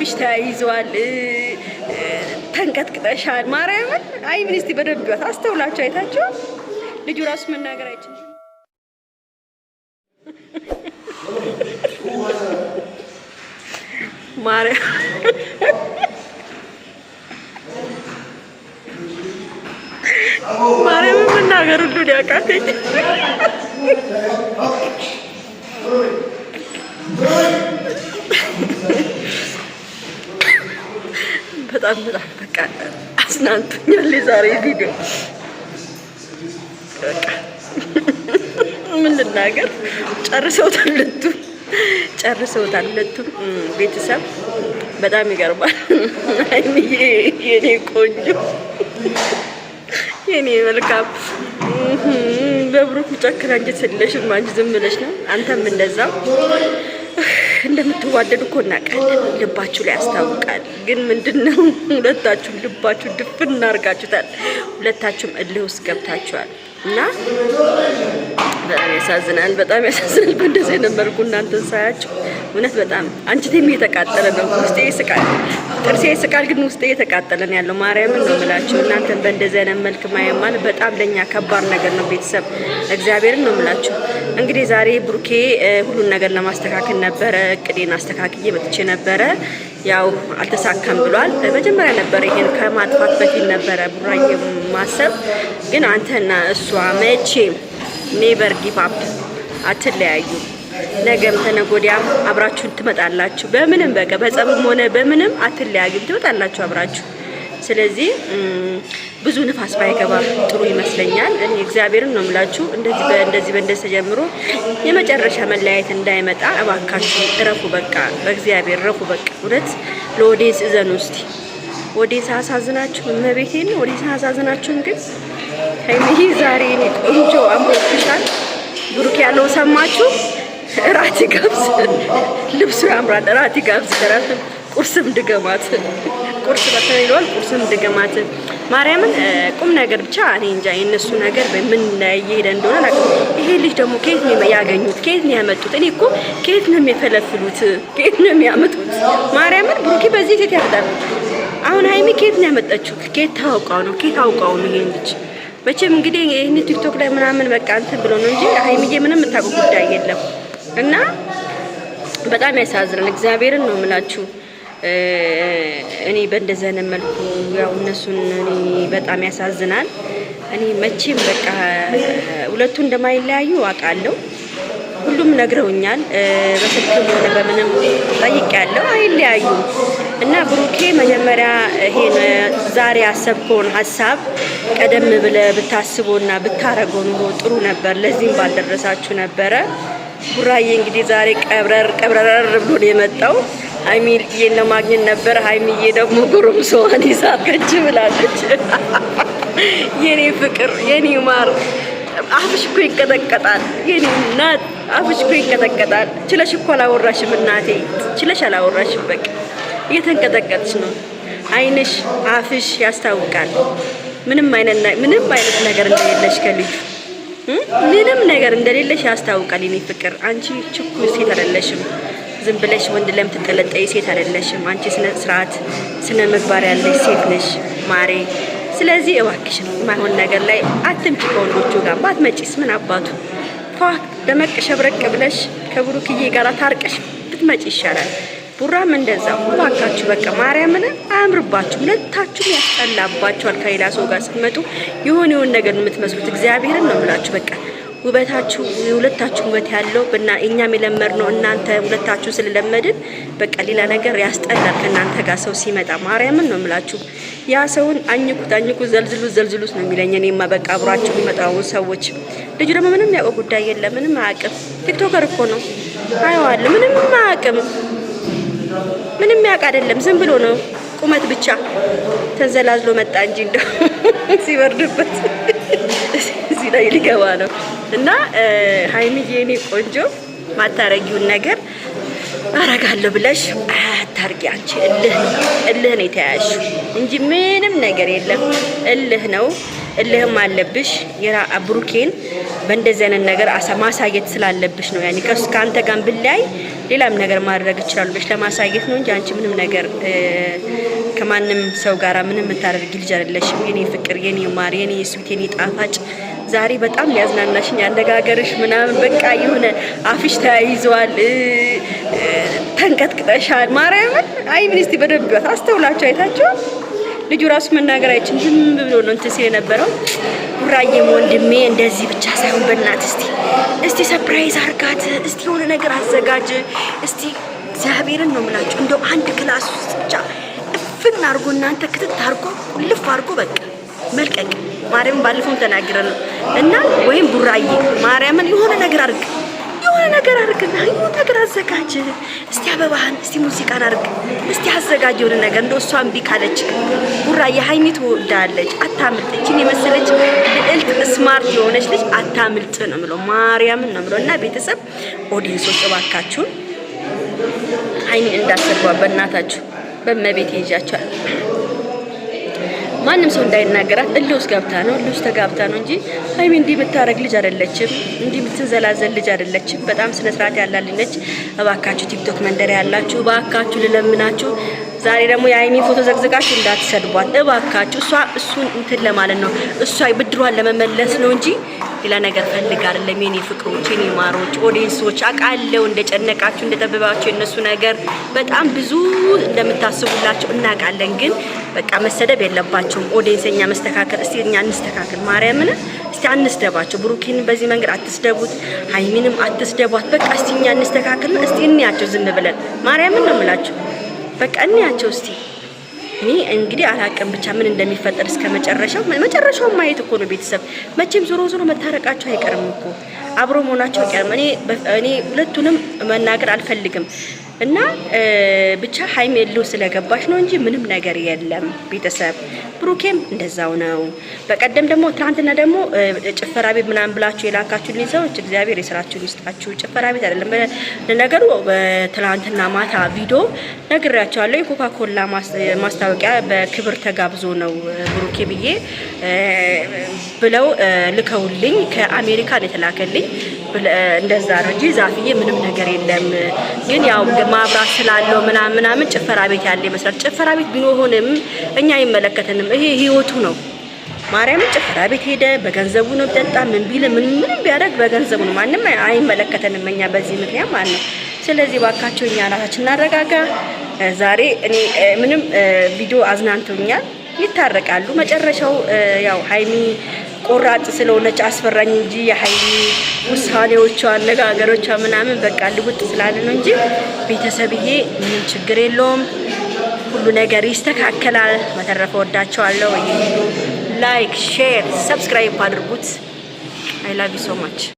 ክንፍሽ ተያይዘዋል፣ ተንቀጥቅጠሻል። ማርያምን አይ ሚኒስቲ በደብት አስተውላቸው አይታቸው ልጁ ራሱ መናገር አይችልም። ማርያም ማርያምን መናገር ሁሉ ሊያቃተኝ በጣም በጣም በቃ አዝናንቶኛል የዛሬ ቪዲዮ። ምን ልናገር? ጨርሰውታል ሁለቱም ጨርሰውታል ሁለቱም ቤተሰብ በጣም ይገርማል። አይንዬ የኔ ቆንጆ የኔ መልካም በብሩክ ጨክና እንጂ ትለሽም አንቺ ዝም ብለሽ ነው አንተም እንደዛ ልክ እንደምትዋደዱ እኮ እናውቃለን። ልባችሁ ላይ ያስታውቃል። ግን ምንድን ነው ሁለታችሁም ልባችሁ ድፍን እናርጋችሁታል። ሁለታችሁም እልህ ውስጥ ገብታችኋል እና በጣም ያሳዝናል። በጣም ያሳዝናል። በእንደዚህ ነበርኩ እናንተን ሳያችሁ እውነት በጣም አንቺ እየተቃጠለ ነው ውስጤ ይስቃል። ጥርሴ ስቃል ግን ውስጤ እየተቃጠለን ያለው ማርያምን ነው የምላችሁ። እናንተን በእንደዚህ አይነት መልክ ማየማል በጣም ለእኛ ከባድ ነገር ነው ቤተሰብ፣ እግዚአብሔርን ነው የምላችሁ። እንግዲህ ዛሬ ብሩኬ ሁሉን ነገር ለማስተካከል ነበረ እቅዴን አስተካክዬ መጥቼ ነበረ። ያው አልተሳካም ብሏል። መጀመሪያ ነበረ ይሄን ከማጥፋት በፊት ነበረ ቡራዬ ማሰብ፣ ግን አንተና እሷ መቼም ኔቨር ጊቭ አፕ ነገም ተነጎዲያም አብራችሁን ትመጣላችሁ። በምንም በቃ በጸብም ሆነ በምንም አትለያዩም፣ ትመጣላችሁ አብራችሁ። ስለዚህ ብዙ ንፋስ ባይገባ ጥሩ ይመስለኛል። እኔ እግዚአብሔርን ነው የምላችሁ። እንደዚህ በእንደዚህ በእንደዚህ ተጀምሮ የመጨረሻ መለያየት እንዳይመጣ እባካችሁ እረፉ። በቃ በእግዚአብሔር እረፉ። በቃ እውነት ለወዴስ እዘኑ ውስጥ ወዴስ አሳዝናችሁ እመቤቴ ነው ወዴስ አሳዝናችሁም። ግን ሀይሚዬ ዛሬ ቆንጆ አምሮብሻል። ብሩክ ያለው ሰማችሁ እራት ይጋብዝ። ልብሱ ያምራል። እራት ይጋብዝ። እራት ቁርስም ድገማት። ቁርስ በተለይ ይለዋል። ቁርስም ድገማት። ማርያምን ቁም ነገር ብቻ እኔ እንጃ የእነሱ ነገር በምን እየሄደ እንደሆነ ይሄ ልጅ ደግሞ ከየት ነው ያገኙት? ከየት ነው ያመጡት? እኔ እኮ ከየት ነው የሚፈለፍሉት? ከየት ነው የሚያመጡት? ማርያምን ብሩኬ በዚህ ሴት ያመጣል። አሁን ሀይሚ ከየት ነው ያመጣችው? ከየት ታውቃው ነው? ከየት ታውቃው ነው ይሄን ልጅ መቼም እንግዲህ ይህን ቲክቶክ ላይ ምናምን በቃ እንትን ብሎ ነው እንጂ ሀይሚዬ ምንም የምታውቀው ጉዳይ የለም። እና በጣም ያሳዝናል። እግዚአብሔርን ነው የምላችሁ። እኔ በእንደዚህ አይነት መልኩ ያው እነሱን እኔ በጣም ያሳዝናል። እኔ መቼም በቃ ሁለቱ እንደማይለያዩ አውቃለሁ። ሁሉም ነግረውኛል። በስልክም ሆነ በምንም ጠይቄያለሁ። አይለያዩም እና ብሩኬ መጀመሪያ ይሄን ዛሬ ያሰብከውን ሀሳብ ቀደም ብለህ ብታስቦና ብታረገው ኑሮ ጥሩ ነበር። ለዚህም ባልደረሳችሁ ነበረ። ቡራዬ እንግዲህ ዛሬ ቀብረር ቀብረረር ብሎ ነው የመጣው። ሀይሚዬን ለማግኘት ነበር። ሀይሚዬ ደግሞ ይዛ ይዛገች ብላለች። የኔ ፍቅር፣ የኔ ማር፣ አፍሽ እኮ ይቀጠቀጣል። የኔ እናት አፍሽ እኮ ይቀጠቀጣል። ችለሽ እኮ አላወራሽም እናቴ፣ ችለሽ አላወራሽም። በቃ እየተንቀጠቀጥሽ ነው። አይንሽ፣ አፍሽ ያስታውቃል ምንም አይነት ምንም አይነት ነገር እንደሌለሽ ከልጁ ምንም ነገር እንደሌለሽ ያስታውቃል። የኔ ፍቅር አንቺ ችኩ ሴት አይደለሽም። ዝም ብለሽ ወንድ ለምትጠለጠይ ሴት አይደለሽም። አንቺ ስነ ስርዓት፣ ስነ ምግባር ያለሽ ሴት ነሽ ማሬ። ስለዚህ እባክሽ ነው የማይሆን ነገር ላይ አትምጪ። ከወንዶቹ ጋር ባትመጪስ ምን አባቱ ፏ ደመቅ ብለሽ ከብሩክዬ ጋር ታርቀሽ ብትመጪ ይሻላል። ቡራም እንደዛው እባካችሁ በቃ ማርያምን አያምርባችሁ፣ ሁለታችሁም ያስጠላባችኋል። ከሌላ ሰው ጋር ስትመጡ የሆነ የሆነ ነገር የምትመስሉት እግዚአብሔርን ነው የምላችሁ። በቃ ውበታችሁ የሁለታችሁ ውበት ያለው ብና እኛም ነው እናንተ ሁለታችሁ ስለለመድን በቃ ሌላ ነገር ያስጠላል። ከእናንተ ጋር ሰው ሲመጣ ማርያምን ነው የምላችሁ። ያ ሰውን አኝኩት አኝኩት ዘልዝሉት ዘልዝሉት ነው የሚለኝ። እኔማ በቃ አብሯቸው የሚመጣው ሰዎች ልጁ ደግሞ ምንም ያውቀው ጉዳይ የለም ምንም አያውቅም። ቲክቶከር እኮ ነው አየዋለሁ ምንም አያውቅም። ምንም ያውቅ አይደለም። ዝም ብሎ ነው ቁመት ብቻ ተንዘላዝሎ መጣ እንጂ እንደው ሲበርድበት እዚህ ላይ ሊገባ ነው። እና ሀይሚዬ የኔ ቆንጆ ማታረጊውን ነገር አረጋለሁ ብለሽ አታርጊ። አንቺ እልህ እልህ ነው የተያያዝሽው እንጂ ምንም ነገር የለም። እልህ ነው እልህም አለብሽ የራ ብሩኬን በእንደዚህ አይነት ነገር ማሳየት ስላለብሽ ነው። ያኔ ከአንተ ጋር ብላይ ሌላም ነገር ማድረግ ይችላሉ ብለሽ ለማሳየት ነው እንጂ አንቺ ምንም ነገር ከማንም ሰው ጋራ ምንም የምታደርጊ ልጅ አይደለሽም። የኔ ፍቅር፣ የኔ ማር፣ የኔ ስዊት፣ የኔ ጣፋጭ ዛሬ በጣም ያዝናናሽኝ አነጋገርሽ ምናምን በቃ የሆነ አፍሽ ተያይዘዋል፣ ተንቀጥቅጠሻል። ማርያምን አይ ሚኒስቲ በደንብ አስተውላችሁ አይታችኋል። ልጁ ራሱ መናገር አይችል ዝም ብሎ ነው እንትን ሲል የነበረው። ቡራዬም ወንድሜ እንደዚህ ብቻ ሳይሆን በእናት እስቲ እስቲ ሰፕራይዝ አርጋት፣ እስቲ የሆነ ነገር አዘጋጅ፣ እስቲ እግዚአብሔርን ነው የምላቸው እንደው አንድ ክላስ ውስጥ ብቻ እፍን አርጎ እናንተ ክትት አርጎ ልፍ አርጎ በቃ መልቀቅ ማርያምን ባለፈውም ተናግረን ነው እና ወይም ቡራዬ ማርያምን የሆነ ነገር አድርግ የሆነ ነገር አድርግና የሆነ ነገር አዘጋጅ። እስቲ አበባህን፣ እስቲ ሙዚቃን አድርግ፣ እስቲ አዘጋጅ የሆነ ነገር እንደ እሷ እምቢ ካለች ቡራ የሀይሚ ትወዳለች። አታምልጥ። እችን የመሰለች ልዕልት ስማርት የሆነች ልጅ አታምልጥ ነው የምለው። ማርያምን ነው የምለው። እና ቤተሰብ ኦዲየንሶች እባካችሁን ሀይሚን እንዳሰቧ በእናታችሁ በመቤት ይዣቸዋል። ማንም ሰው እንዳይናገራት እልህ ውስጥ ገብታ ነው እልህ ውስጥ ተጋብታ ነው እንጂ ሀይሚ እንዲህ የምታረግ ልጅ አይደለችም። እንዲህ የምትንዘላዘል ልጅ አይደለችም። በጣም ስነ ስርዓት ያላት ልጅ ነች። እባካችሁ ቲክቶክ መንደር ያላችሁ እባካችሁ ልለምናችሁ፣ ዛሬ ደግሞ የሀይሚ ፎቶ ዘግዝቃችሁ እንዳትሰድቧት እባካችሁ። እሷ እሱን እንትን ለማለት ነው እሷ ብድሯን ለመመለስ ነው እንጂ ሌላ ነገር ፈልግ አይደለም። የኔ ፍቅሮች፣ የኔ ማሮች፣ ኦዲየንሶች አውቃለሁ እንደጨነቃችሁ እንደጠበባችሁ የነሱ ነገር በጣም ብዙ እንደምታስቡላቸው እናውቃለን ግን በቃ መሰደብ የለባቸውም። ኦዲየንሰኛ መስተካከል እስቲ እኛ እንስተካከል። ማርያምን እስቲ አንስደባቸው። ብሩኪን በዚህ መንገድ አትስደቡት፣ ሀይሚንም አትስደቧት። በቃ እስቲ እኛ እንስተካከል። እስቲ እንያቸው ዝም ብለን ማርያምን ነው የምላቸው። በቃ እንያቸው እስቲ። እኔ እንግዲህ አላቅም ብቻ ምን እንደሚፈጠር እስከ መጨረሻው መጨረሻውን ማየት እኮ ነው ቤተሰብ። መቼም ዞሮ ዞሮ መታረቃቸው አይቀርም እኮ አብሮ መሆናቸው አይቀርም። እኔ እኔ ሁለቱንም መናገር አልፈልግም እና ብቻ ሀይም የለው ስለገባሽ ነው እንጂ ምንም ነገር የለም። ቤተሰብ ብሩኬም እንደዛው ነው። በቀደም ደግሞ ትናንትና ደግሞ ጭፈራ ቤት ምናምን ብላችሁ የላካችሁልኝ ሰዎች እግዚአብሔር የስራችሁን ይስጣችሁ። ጭፈራ ቤት አይደለም ለነገሩ። ትናንትና ማታ ቪዲዮ ነግሬያቸዋለሁ። የኮካ ኮላ ማስታወቂያ በክብር ተጋብዞ ነው ብሩኬ ብዬ ብለው ልከውልኝ ከአሜሪካን የተላከልኝ እንደዛ ነው እንጂ ዛፍዬ ምንም ነገር የለም። ግን ያው ማብራት ስላለው ምናምን ምናምን ጭፈራ ቤት ያለ ይመስላል። ጭፈራ ቤት ቢሆንም እኛ አይመለከተንም። ይሄ ህይወቱ ነው። ማርያም ጭፈራ ቤት ሄደ በገንዘቡ ነው ጠጣ፣ ምን ቢል ምን ምንም ቢያደርግ በገንዘቡ ነው። ማንም አይመለከተንም እኛ በዚህ ምክንያት ማለት ነው። ስለዚህ ባካቸው እኛ ራሳችን እናረጋጋ። ዛሬ እኔ ምንም ቪዲዮ አዝናንቶኛል። ይታረቃሉ መጨረሻው ያው ሀይሚ ቆራጥ ስለሆነች አስፈራኝ እንጂ የሀይሚ ውሳኔዎቿ፣ አነጋገሮቿ ምናምን በቃ ልውጥ ስላለ ነው እንጂ ቤተሰብዬ ምን ችግር የለውም። ሁሉ ነገር ይስተካከላል። በተረፈ ወዳቸዋለሁ። ላይክ፣ ሼር፣ ሰብስክራይብ አድርጉት። አይ ላቭ ዩ ሶ ማች